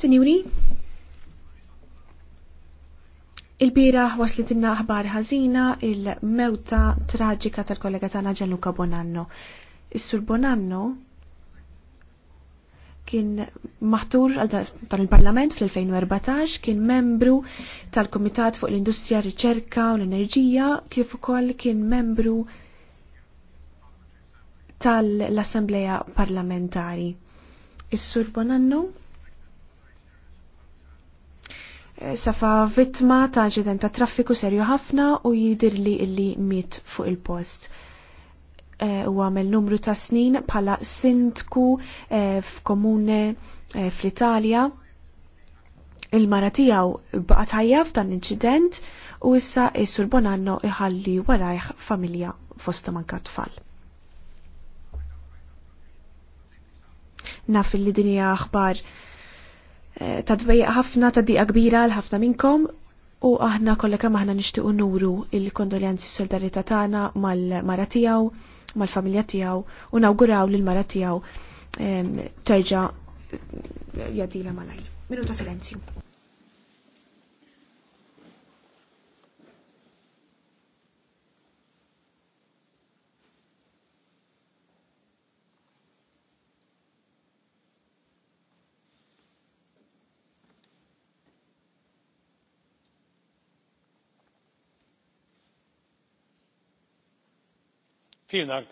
Sinjuri, il-bira waslet inna aħbar ħażina il-mewta traġika tal-kollega tagħna Gianluca Bonanno. Is-Sur Bonanno kien maħtur tal il-Parlament fl-2014, kien membru tal-Komitat fuq l-Industrija, Riċerka u l-Enerġija, kif ukoll kien membru tal-Assembleja Parlamentari. Is-Sur Bonanno safa vittma ta' ġeden ta' traffiku serju ħafna u jidir li illi miet fuq il-post. E, u għamel numru ta' snin pala sindku e, f'komune e, fl-Italja. Il-mara tijaw baqa' tajjaf f'dan l-inċident u issa is-sur Bonanno iħalli warajħ familja fosta manka tfal. Naf li dinja aħbar Eh, ta' dwejja ħafna ta' diqa kbira l ħafna minnkom u aħna kollha kemm aħna nixtiequ nuru il-kondoljanzi solidarità tagħna mal-mara tiegħu, mal-familja tiegħu u nawguraw lil mara tiegħu ehm, terġa' jadila malajr. Minuta silenzju. vielen dank!